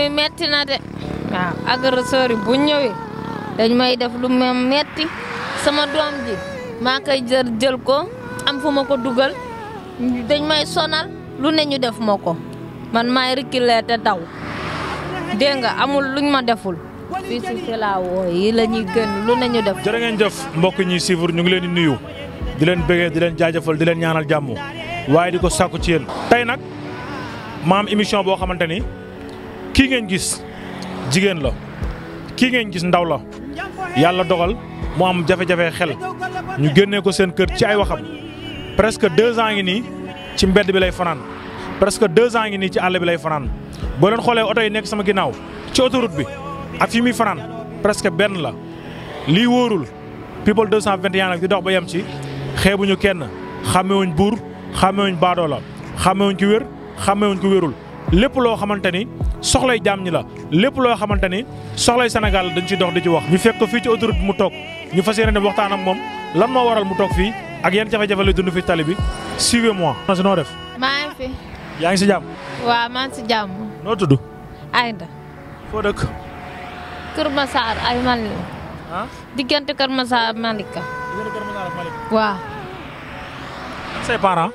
bi metti na de waaw ah. agresseur yi bu ñëwee dañ may def lu ma metti sama doom ji maa koy jël jël ko am fu ma ko dugal dañ may sonal lu ne ñu def ma man maay reculer te daw dégg nga amul ñu ma deful fii si filaawoo yi la ñuy gën lu ne ñu def. jërë ngeen jëf mbokk ñi suivre ñu ngi leen di nuyu di leen bëggee di leen jaajëfal di leen ñaanal jàmm waaye di ko sàkku ci yéen. tey nag maam émission boo xamante ni. kii ngeen gis jigéen la kii ngeen gis ndaw la yàlla dogal mu am jafe-jafe xel ñu génnee ko seen kër ci ay waxam presque deux ans ngi nii ci mbedd bi lay fanaan presque deux ans ngi nii ci àll bi lay fanaan boo leen xoolee oto yi nekk sama ginnaaw ci autoroute bi ak fi muy fanaan presque benn la lii wóorul people 221 nag di dox ba yem ci xeebuñu kenn xàmmewuñ buur xàmmewuñ baadoo la xàmmewuñ ki wér xàmmewuñ ki wérul lépp loo xamante ni soxlay jaam ni la lépp loo xamante ni soxlay Sénégal dañ ci dox di ci wax. ñu fekk ko fii ci autorité mu toog ñu fa yéene dem waxtaan ak moom lan moo waral mu toog fii ak yan jafe-jafe lay dund fi tali bi suivez-moi. na si noo def. maa ngi yaa ngi si jàmm. waaw maa ngi si jàmm. noo tudd. Aïda. foo dëkk. Kër Massar ay Malika. ah diggante Kër Massar Malika. diggante Kër Massar Malika. say parents.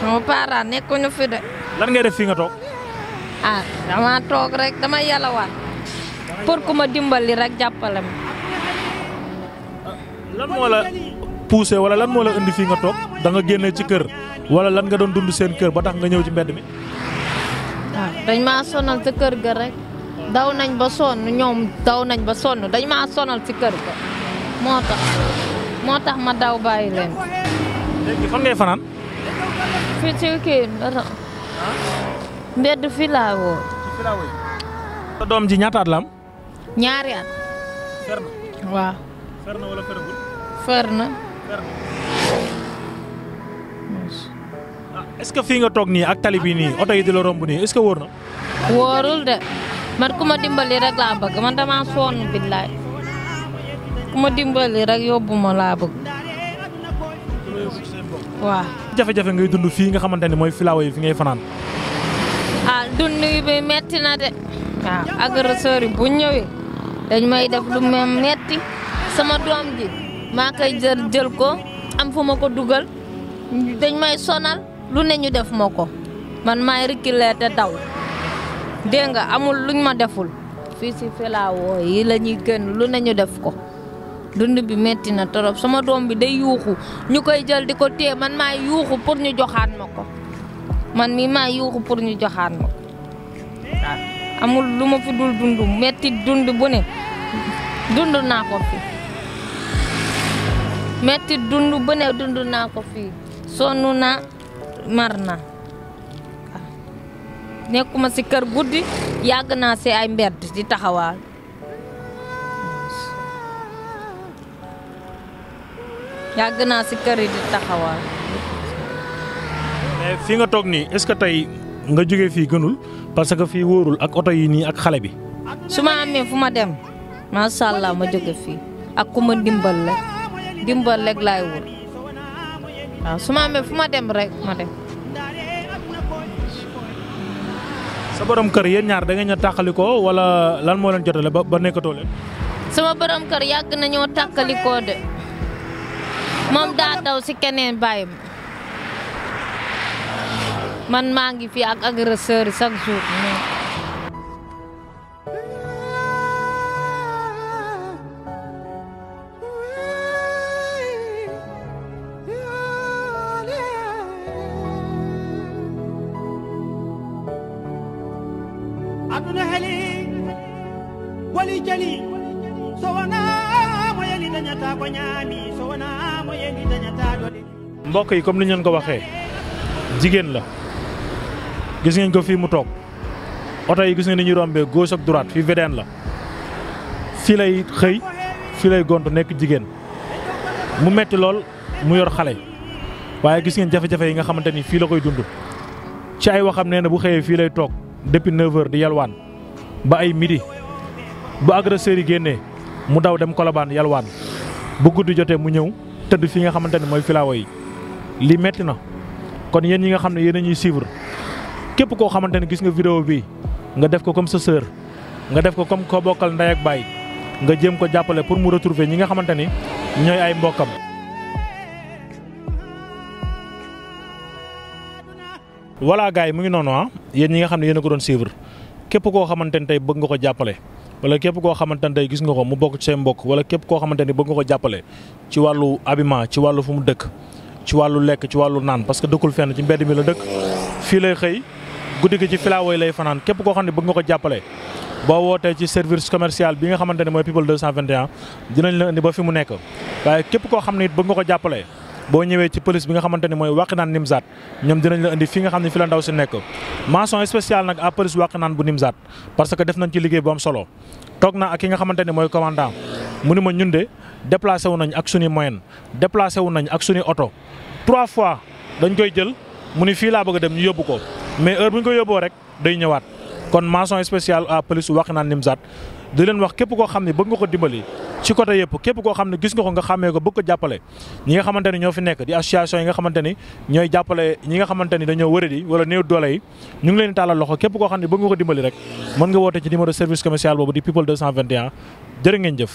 sama parents nekkuñu fi de. lan ngay def fii nga toog. ah dama toog rek dama yalawaan pour ku ma dimbali rek jàppale ma. Ah, lan moo la poussé wala lan moo la indi fii nga toog da génne ci kër wala lan nga doon dund seen kër ba tax nga ñëw ci mbedd mi. waaw ah, dañ maa sonal sa kër ga rek daw nañ ba sonn ñoom daw nañ ba sonn dañ maa sonal ci kër ga moo tax moo tax ma daw bàyyi leen. léegi fan ngay fanaan. fii ci kii mbedd filaawoo. ci doom ji ñaataat la am. ñaari at. fer ah, fii nga toog nii ak tali bi nii oto yi di la romb nii est wóor na. wóorul de man ku ma dimbali rek laa bëgg man dama sonn billaay ku ma dimbali rek yóbbu ma laa bëgg. waaw. jafe-jafe ngay dund fii nga xamante ne mooy filaawa yi fi ngay fanaan. ah dund bi metti na de. waaw agresseur yi bu ñëwee dañ may def lu ma metti sama doom ji maa koy jël jël ko am fu ma ko dugal dañ may sonal lu ne ñu def ma ko man maay reculer te daw dégg nga amul luñ ma deful fii si filaawo yi la ñuy gën lu ne ñu def ko. dund bi metti na torop sama doom bi day yuuxu ñu koy jël di ko téye man maa yuuxu pour ñu joxaan ma ko man mii maa yuuxu pour ñu joxaan ma ko amul lu ma fi dul dund metti dund bu ne dund naa ko fi metti dund bu ne dund naa ko fii sonn naa mar naa nekkuma ci kër guddi yàgg naa ci ay mberti di taxawaal yàgg naa si kër yi di taxawal. mais fi nga toog nii est-ce que tey nga jóge fii gënul parce que fii wóorul ak oto yi nii ak xale bi. su ma amee fu ma dem macha allah ma jóge fii ak ku ma dimbal la dimbal rek laay wul waaw su ma amee fu ma dem rek ma dem. sa borom kër yéen ñaar da ngeen a tàqalikoo wala lan moo leen jotale ba ba nekkatoo leen. sama borom kër yàgg nañoo tàqalikoo de. moom daa daw si keneen bàyyi man maa ngi fi ak agresseur chaque jour. aduna heli wali jali so wona mo yali dañata ko ñaami mbokk yi comme ni ñu ko waxee jigéen la gis ngeen ko fii mu toog oto yi gis ngeen ni ñuy rombee gauche ak droite fii VDN la fii lay xëy fii lay gont nekk jigéen mu metti lool mu yor xale waaye gis ngeen jafe-jafe yi nga xamante ni fii la koy dund ci ay waxam nee na bu xëyee fii lay toog depuis 9h di yalwaan ba ay midi bu agresseurs yi génnee mu daw dem kolobaan yalwaan bu guddi jotee mu ñëw tëdd fi nga xamante ni mooy filaawo yi lii metti na kon yéen ñi nga xam ne yéen ñuy suivre képp koo xamante ne gis nga vidéo bii nga def ko comme sa sœur nga def ko comme koo bokkal ndey ak baay nga jëm ko jàppale pour mu retrouver ñi nga xamante ni ñooy ay mbokkam. voilà gars yi mu ngi noonu ah yéen ñi nga xam ne yéen ko doon suivre képp koo xamante ni tey bëgg nga ko jàppale. wala képp koo xamante ne tey gis nga ko mu bokk ci say mbokk wala képp koo xamante ni bëgg nga ko jàppale ci wàllu habillement ci wàllu fu mu dëkk. ci wàllu lekk ci wàllu naan parce que dëkkul fenn ci mbedd mi la dëkk fii lay xëy guddi gi ci filaawo yi lay fanaan képp koo xam ne bëgg nga ko jàppale boo wootee ci service commercial bi nga xamante ne mooy people 221 dinañ la indi ba fi mu nekk waaye képp koo xam ni it bëgg nga ko jàppale boo ñëwee ci police bi nga xamante ni mooy Wakhinane Nimzatt ñoom dinañ la indi fii nga xam ne fi la ndaw si nekk mention spéciale nag à police Wakhinane bu Nimzatt parce que def nañ ci liggéey bu solo toog naa ak ki nga xamante ni mooy commandant mu ni ma ñun de déplacé wu nañ ak suñu moyen déplacé wu nañ ak suñu oto trois fois dañ koy jël mu ni fii laa bëgg a dem ñu yóbbu ko mais heure bu ñu ko yóbboo rek day ñëwaat kon mention spéciale à police Wakhinane Nimzatt di leen wax képp koo xam ne bëgg nga ko dimbali ci côté yëpp képp koo xam ne gis nga ko nga xàmmee ko bëgg ko jàppale ñi nga xamante ni ñoo fi nekk di association yi nga xamante ni ñooy jàppale ñi nga xamante ni dañoo wëradi wala néew doole yi ñu ngi leen tàllal loxo képp koo xam ne bëgg nga ko dimbali rek mën nga woote ci numéro service commercial boobu di people 221 jërë ngeen jëf